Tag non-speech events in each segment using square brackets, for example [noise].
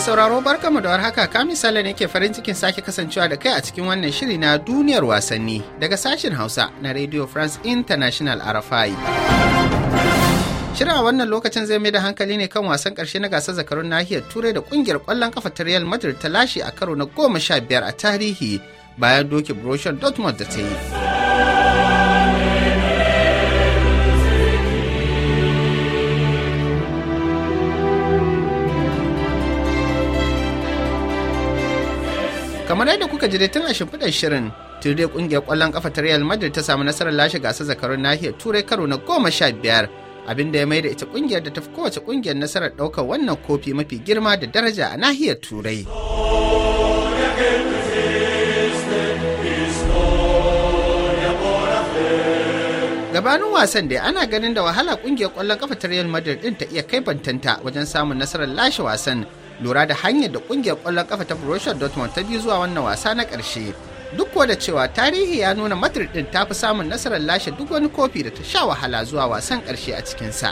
Mai sauraro barkamu da haka kamin Sale ne ke farin cikin sake kasancewa da kai a cikin wannan shiri na duniyar wasanni daga sashen Hausa na Radio France International RFI. Shirin a wannan lokacin zai mai da hankali ne kan wasan karshe na gasar zakarun nahiyar Turai da kungiyar kwallon kafa ta Real Madrid ta lashe a karo na goma sha biyar a tarihi bayan doke Borussia Dortmund da ta yi. kamar yadda kuka ji tun a shimfiɗar shirin tire kungiyar ƙwallon kafa ta real madrid ta samu nasarar lashe gasar zakarun nahiyar turai karo na goma sha biyar abin da ya mai da ita kungiyar da ta fi kowace kungiyar nasarar ɗaukar wannan kofi mafi girma da daraja a nahiyar turai gabanin wasan da ana ganin da wahala ƙungiyar kwallon kafa ta Real Madrid din ta iya kai bantanta wajen samun nasarar lashe wasan lura da hanyar da kungiyar kwallon kafa ta Borussia Dortmund ta bi zuwa wannan wasa na ƙarshe. Duk da cewa tarihi ya nuna Madrid din ta fi samun nasarar lashe duk wani kofi da ta sha wahala zuwa wasan ƙarshe a cikinsa.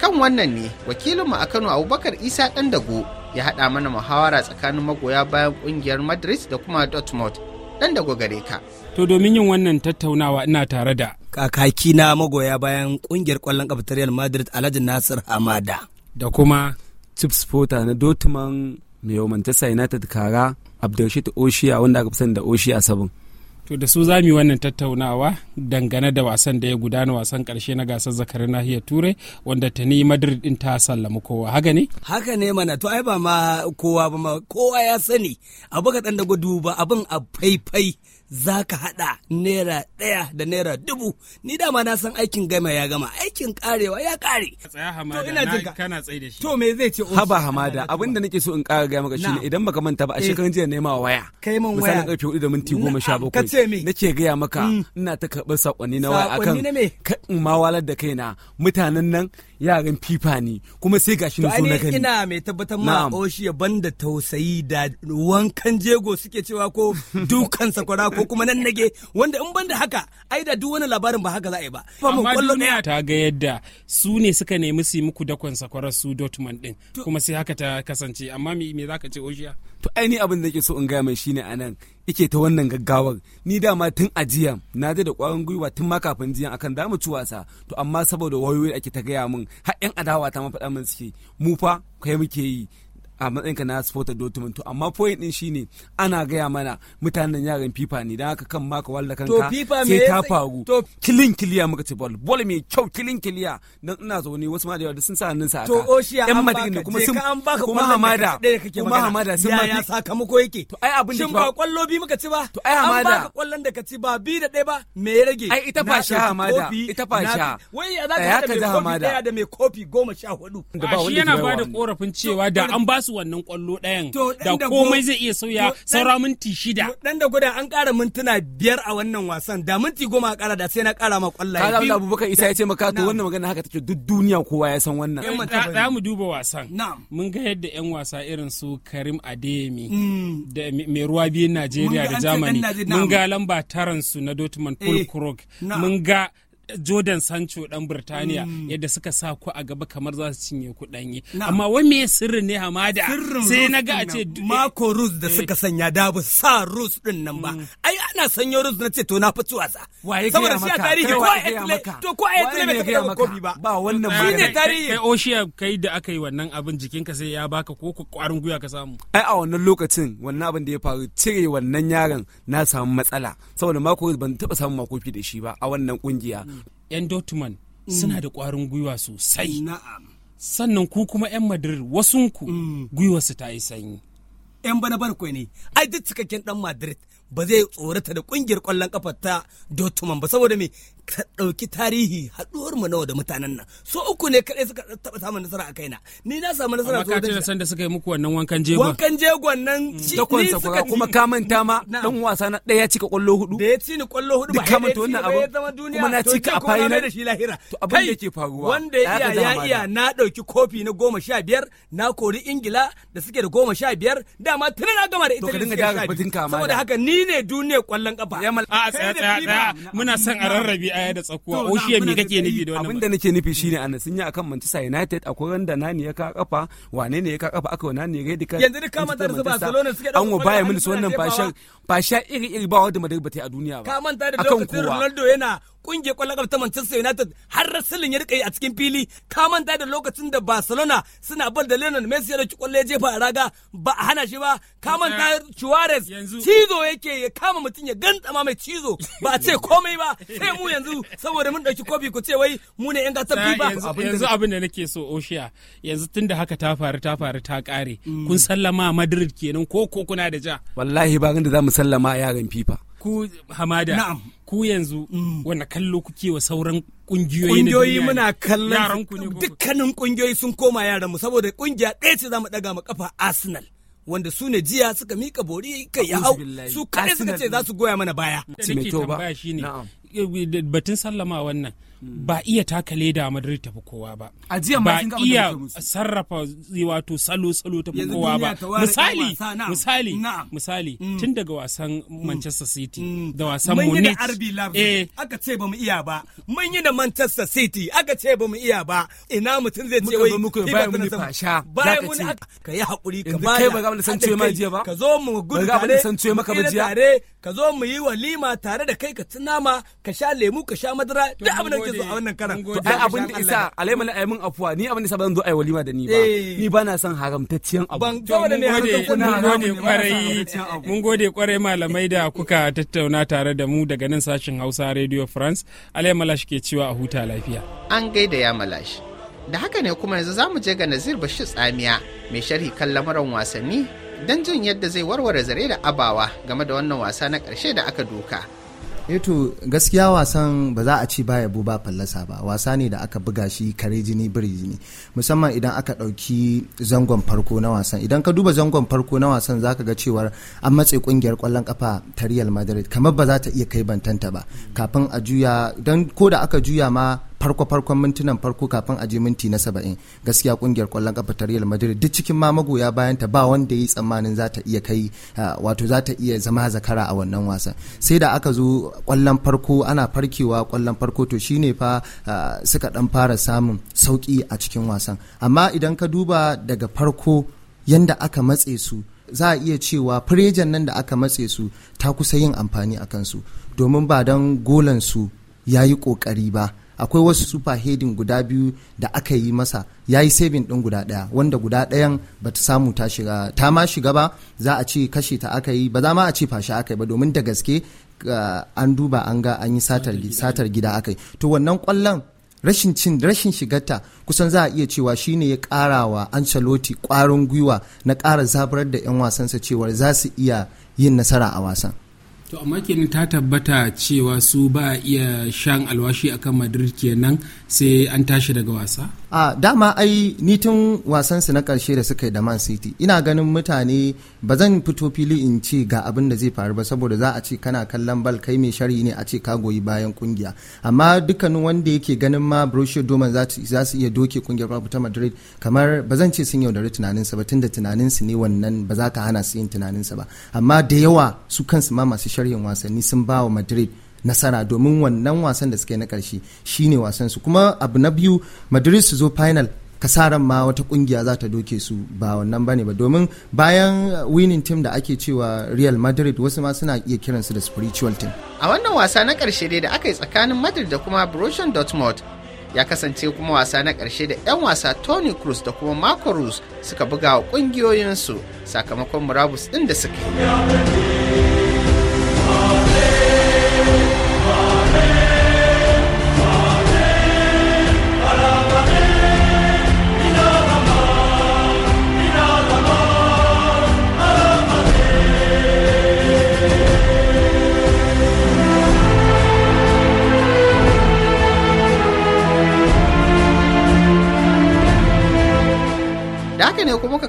Kan wannan ne wakilinmu a Kano Abubakar Isa ɗan dago ya haɗa mana muhawara tsakanin magoya bayan kungiyar Madrid da kuma Dortmund. Ɗan dago gare ka. To domin yin wannan tattaunawa ina tare da kakaki na magoya bayan ƙungiyar kwallon kafa ta Real Madrid Alhaji Nasir Hamada. Da kuma chips fota na dortmund mai manchester united kara abdulrashid oshia wanda aka fi sani da oshia sabon to da su yi wannan tattaunawa dangane da wasan da ya gudana wasan karshe na gasar zakarin nahiyar turai wanda ta ni madrid din ta sallama kowa haka ne haka ne mana to ai ba ma kowa ba ma kowa ya sani abu ka dan da gudu ba abin a faifai za ka haɗa naira ɗaya da naira dubu ni dama na san aikin gama ya gama aikin karewa ya kare to ina kana tsaye da shi me zai ce oh, haba hamada abin da nake so in ƙara gaya maka shine eh. idan baka manta ba a eh. shekaran jiya ma waya kai min waya misalin karfe 4 da minti 17 nake gaya maka mm. ina ta karɓar sakonni na waya akan mawalar ma walar da kaina mutanen nan yaran fifa ne kuma sai gashi na so na gani ina mai tabbatar ma oshi ya banda tausayi da wankan jego suke cewa ko [laughs] dukan sakwara ko kuma nan nage wanda in banda haka ai da duk wani labarin ba haka za a yi ba amma duniya ta ga yadda su ne suka nemi su muku dakon sakwara su Dortmund din kuma sai haka ta kasance amma me zaka ce oshiya to ainihin abin da ke so in ga mai shine anan ike ta wannan gaggawar ni dama tun ajiya na da kwarin gwiwa tun ma kafin jiya akan da ci wasa to amma saboda wayoyi ake ta gaya min har yan adawa ta ma faɗa min suke mu fa kai muke yi a ka na sport document to amma point din shine ana gaya mana mutanen yaran fifa ne dan haka kan ma ka walla kanka sai ta faru kilin kiliya muka ce ball ball me kyau kilin kiliya dan ina zaune wasu ma da yawa sun sa hannun sa aka to oshiya an ka kuma sun kuma hamada kuma hamada sun ma ya sakamako yake to ai abin da shi ba kwallo bi muka ci ba to ai hamada an ka kwallon da ka ci ba bi da ɗaya ba me ya rage ai ita fa sha hamada ita fa sha wai ya za ka da mai kofi da mai kofi goma sha hudu shi yana ba da korafin cewa da an ba su wannan kwallo ɗayan da komai zai iya sauya saura minti shida. Dan da gudan an ƙara mintuna biyar a wannan wasan da minti goma a ƙara da sai na ƙara ma kwallaye. Kaga Abdul Abubakar Isa ya ce maka to wannan magana haka ce duk duniya kowa ya san wannan. Eh, za mu duba wasan. Mun ga yadda 'yan wasa irin su Karim Adeyemi mm. da mai ruwa biyun Najeriya da Germany mun ga lamba su na Dortmund Paul eh, Krog mun ga Jordan Sancho dan Birtaniya mm. yadda suka sa ku a gaba kamar za su cinye ku danye. Amma wai me sirri ne hamada? Sirrin sai na ga a ce mako Rus da eh. suka sanya da basu sa Rus din nan ba. Mm. Ai ana sanyo rusu na ce to na fi wasa waye ga maka saboda shi a tarihi ko a to ko a yatle bai taɓa kofi ba ba wannan ba ne tarihi kai oshiya kai da aka yi wannan abin jikinka sai ya baka ko kwarin guya ka samu ai a wannan lokacin wannan abin da ya faru cire wannan yaron na samu matsala saboda mako ban taɓa samun makofi da shi ba a wannan kungiya yan Dortmund suna da kwarin gwiwa sosai na'am sannan ku kuma 'yan madrid wasunku mm. gwiwarsu ta yi sanyi 'yan bana barkwai ne ai duk cikakken dan madrid ba zai tsorata da kungiyar kwallon kafa ta Dortmund ba saboda me ka ɗauki tarihi haɗuwar mu nawa da mutanen nan so uku ne kaɗai suka taɓa samun nasara a kaina ni na samu nasara to da san da suka yi muku wannan wankan jego wankan jego nan mm. shi ni suka kuma ka manta ma dan wasa na daya cika kwallo hudu da ya ci ni kwallo hudu ba ka manta wannan abu kuma na cika a fayin na da shi lahira to abin da yake faruwa wanda ya iya ya iya na ɗauki kofi na goma sha biyar na kori ingila da suke da goma sha biyar dama tunan na gama da ita ne saboda haka ni ne duniyar kwallon kafa a tsaya tsaya tsaya muna son a rarrabe a da tsakuwa o shi me kake nufi da wannan abin nake nufi shine anan sun yi akan Manchester United akwai wanda nani ya ka kafa wane ne ya ka kafa aka wani ne ya dika yanzu da an wa Bayern wannan iri iri ba wanda madar ba ta a duniya ba ka manta da Ronaldo yana kungiyar kwallon kafa ta Manchester United har rasilin ya rika yi a cikin fili ka manta da lokacin da Barcelona suna bar da Lionel Messi ya dauki kwallo ya jefa a raga ba a hana shi ba ka manta Suarez cizo yake ya kama mutum ya gantsama mai cizo ba a ce [laughs] komai ba sai mu yanzu saboda mun dauki kofi ku ce wai mu ne yan gasar ba yanzu abin da nake so Oshiya yanzu tunda haka ta faru ta faru ta kare mm. kun sallama Madrid kenan ko ko kuna da ja wallahi ba da za mu sallama yaran FIFA ku hamada ku yanzu mm. wanda kallo kuke wa sauran kungiyoyi na kungiyoyi muna kallon dukkanin kungiyoyi sun koma yaran mu saboda kungiya ɗaya ce zamu daga mu kafa Arsenal wanda su ne jiya suka mika bori kai ya hau su kai suka ce za su goya mana baya. Eh, batun sallama wannan ba iya taka leda a Madrid tafi kowa ba ba iya sarrafa wato salo salo tafi kowa ba misali misali misali mm. tun daga wasan mm. Manchester City mm. da wasan Munich eh. aka ce ba mu iya ba mun yi da Manchester City aka ce ba mu iya ba ina mutum zai ce wai ba mu fasha ba mu ka yi hakuri ka ba kai ba ga san ce mai jiya ba ka zo mu gudu tare san ce maka ba jiya ka zo mu yi walima tare da kai ka ci nama ka sha lemu ka sha madara duk abin da nake so a wannan karan to ai abin da isa alai mana ai mun afuwa ni abin da isa ba zan zo ai walima da ni ba eh. ni ba na son haramtacciyan abu ban mun gode kwarai mun gode kwarai malamai da kuka tattauna tare da mu daga nan sashin Hausa Radio France alai ke cewa a huta lafiya an gaida ya malash da haka ne kuma yanzu zamu je ga Nazir Bashir Tsamiya mai sharhi kan lamarin wasanni don jin yadda zai warware zare da abawa game da wannan wasa na ƙarshe da aka doka. eto eh gaskiya wasan ba za a ci ba yabo ba fallasa ba wasa ne da aka buga shi kare jini biri jini musamman idan aka ɗauki zangon farko na wasan idan ka duba zangon farko na wasan zaka ga cewar an matse kungiyar kwallon kafa ta Real Madrid kamar ba za ta iya kai bantanta ba kafin a juya dan ko da aka juya ma farko-farkon mintunan farko kafin a je minti na saba'in gaskiya kungiyar kwallon kafa ta Real Madrid duk cikin ma magoya bayan ta ba wanda yi tsammanin za ta iya kai wato za ta iya zama zakara a wannan wasan sai da aka zo kwallon farko ana farkewa kwallon farko to shine fa suka dan fara samun sauki a cikin wasan amma idan ka duba daga farko yanda aka matse su za a iya cewa firejan nan da aka matse su ta kusa yin amfani a kansu domin ba don golansu ya yi ƙoƙari ba akwai wasu superheading guda biyu da aka yi masa ya yi saving ɗin guda ɗaya wanda guda ɗayan ba ta samu ta shiga ta ma shiga ba za a ce kashe ta aka yi ba za ma a ce fashi aka yi ba domin da gaske ah, an duba an ga an yi satar gida aka yi to wannan kwallon rashin cin rashin shigarta kusan za a iya cewa shine ya kara wa Ancelotti kwarin gwiwa na kara zabarar da 'yan wasansa cewar za su iya yin nasara a wasan. to amma kenan ta tabbata cewa su ba iya shan alwashi akan madrid kenan sai an tashi daga wasa a dama ai ni tun wasan su na karshe da suka yi da man city ina ganin mutane ba zan fito fili in ce ga abin da zai faru ba saboda za a ce kana kallon bal kai mai sharhi ne a ce ka goyi bayan kungiya amma dukkanin wanda yake ganin ma Borussia doman za su iya doke kungiyar Real ta Madrid kamar ba zan ce sun yaudari tunaninsa ba tunda tunaninsu ne wannan ba za ka hana su yin tunaninsa ba amma da yawa su kansu ma masu sharhin wasanni sun ba wa Madrid nasara domin wannan wasan da suke na karshe shine wasan su kuma abu na biyu madrid su zo final kasaran ma wata kungiya za ta doke su ba wannan bane ba domin bayan winning team da ake cewa real madrid wasu ma suna iya kiransu da spiritual team a wannan wasa na karshe dai da aka yi tsakanin madrid da kuma borussia dortmund ya kasance kuma wasa na karshe da 'yan wasa tony cruz da kuma marco rus suka buga wa kungiyoyinsu sakamakon murabus din da suka yi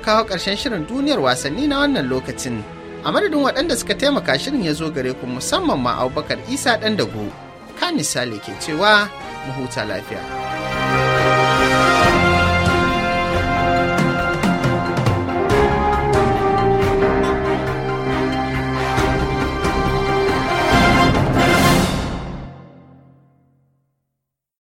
kawo ƙarshen shirin duniyar wasanni na wannan lokacin. A madadin waɗanda suka taimaka shirin ya zo gare ku musamman ma Abubakar Isa ɗan dago. Ka misali ke cewa mu huta lafiya.